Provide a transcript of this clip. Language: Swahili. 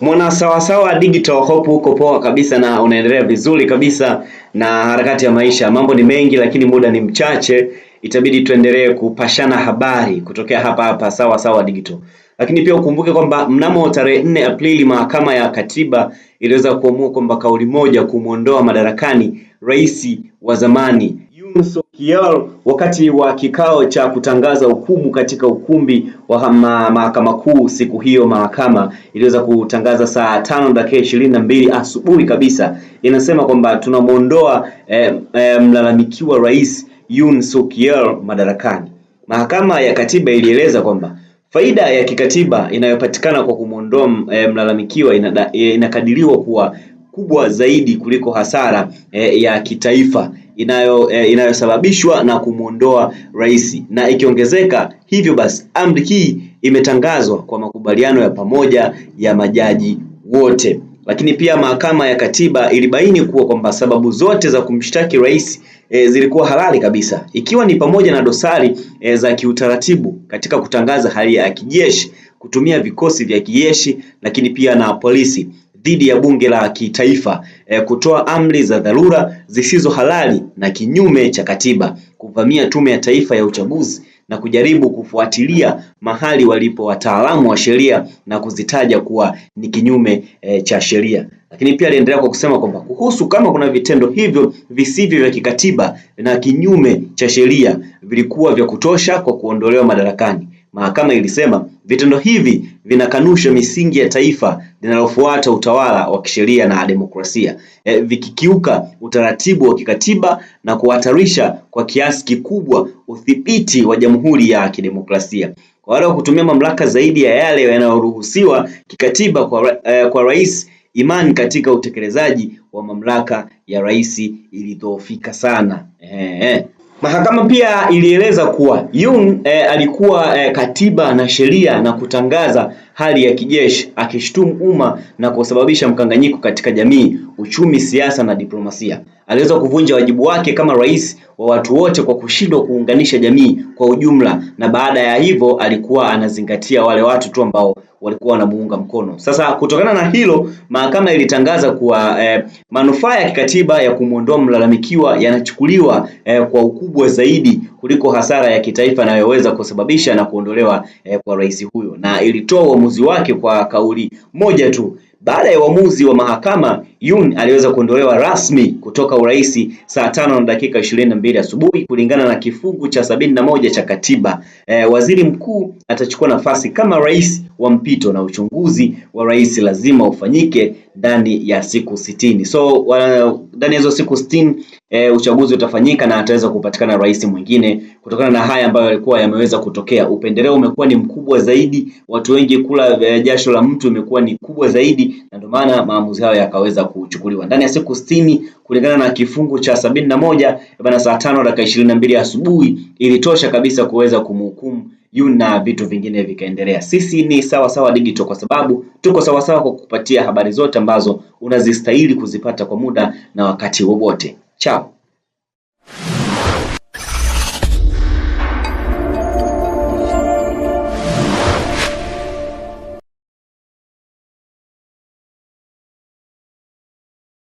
Mwana sawa sawa digital, hope huko poa kabisa na unaendelea vizuri kabisa na harakati ya maisha. Mambo ni mengi, lakini muda ni mchache, itabidi tuendelee kupashana habari kutokea hapa hapa sawa sawa digital. Lakini pia ukumbuke kwamba mnamo tarehe 4 Aprili mahakama ya katiba iliweza kuamua kwamba kauli moja kumwondoa madarakani rais wa zamani Yoon Suk Yeol wakati wa kikao cha kutangaza hukumu katika ukumbi wa mahakama kuu siku hiyo. Mahakama iliweza kutangaza saa tano dakika ishirini na mbili asubuhi kabisa, inasema kwamba tunamwondoa eh, eh, mlalamikiwa Rais Yoon Suk Yeol madarakani. Mahakama ya Katiba ilieleza kwamba faida ya kikatiba inayopatikana kwa kumwondoa eh, mlalamikiwa inada, eh, inakadiriwa kuwa kubwa zaidi kuliko hasara eh, ya kitaifa inayo eh, inayosababishwa na kumwondoa rais na ikiongezeka. Hivyo basi amri hii imetangazwa kwa makubaliano ya pamoja ya majaji wote. Lakini pia mahakama ya katiba ilibaini kuwa kwamba sababu zote za kumshtaki rais e, zilikuwa halali kabisa, ikiwa ni pamoja na dosari e, za kiutaratibu katika kutangaza hali ya kijeshi, kutumia vikosi vya kijeshi, lakini pia na polisi dhidi ya bunge la kitaifa eh, kutoa amri za dharura zisizo halali na kinyume cha katiba, kuvamia tume ya taifa ya uchaguzi na kujaribu kufuatilia mahali walipo wataalamu wa sheria na kuzitaja kuwa ni kinyume e, cha sheria. Lakini pia aliendelea kwa kusema kwamba kuhusu kama kuna vitendo hivyo visivyo vya kikatiba na kinyume cha sheria vilikuwa vya kutosha kwa kuondolewa madarakani, mahakama ilisema Vitendo hivi vinakanusha misingi ya taifa linalofuata utawala wa kisheria na demokrasia, e, vikikiuka utaratibu wa kikatiba na kuhatarisha kwa kiasi kikubwa udhibiti wa Jamhuri ya Kidemokrasia. Kwa wale wa kutumia mamlaka zaidi ya yale yanayoruhusiwa kikatiba kwa, e, kwa rais, imani katika utekelezaji wa mamlaka ya rais ilidhoofika sana. E, e. Mahakama pia ilieleza kuwa Yun eh, alikuwa eh, katiba na sheria na kutangaza hali ya kijeshi akishtumu umma na kusababisha mkanganyiko katika jamii, uchumi, siasa na diplomasia aliweza kuvunja wajibu wake kama rais wa watu wote kwa kushindwa kuunganisha jamii kwa ujumla, na baada ya hivyo alikuwa anazingatia wale watu tu ambao walikuwa wanamuunga mkono. Sasa kutokana na hilo, mahakama ilitangaza kuwa eh, manufaa ya kikatiba ya kumwondoa mlalamikiwa yanachukuliwa eh, kwa ukubwa zaidi kuliko hasara ya kitaifa inayoweza kusababisha na kuondolewa eh, kwa rais huyo, na ilitoa uamuzi wake kwa kauli moja tu baada ya uamuzi wa mahakama, Yoon aliweza kuondolewa rasmi kutoka urais saa tano na dakika ishirini na mbili asubuhi kulingana na kifungu cha sabini na moja cha katiba. E, waziri mkuu atachukua nafasi kama rais wa mpito na uchunguzi wa rais lazima ufanyike ndani ya siku sitini. So ndani ya hizo siku sitini e, uchaguzi utafanyika na ataweza kupatikana rais mwingine. Kutokana na haya ambayo yalikuwa yameweza kutokea, upendeleo umekuwa ni mkubwa zaidi, watu wengi kula e, jasho la mtu imekuwa ni kubwa zaidi, na ndio maana maamuzi hayo yakaweza kuchukuliwa ndani ya siku sitini kulingana na kifungu cha sabini na moja e, bana saa tano dakika ishirini na mbili asubuhi ilitosha kabisa kuweza kumhukumu yuna vitu vingine vikaendelea. Sisi ni Sawa Sawa Digital kwa sababu tuko sawasawa kwa kukupatia habari zote ambazo unazistahili kuzipata kwa muda na wakati wowote. Tchau!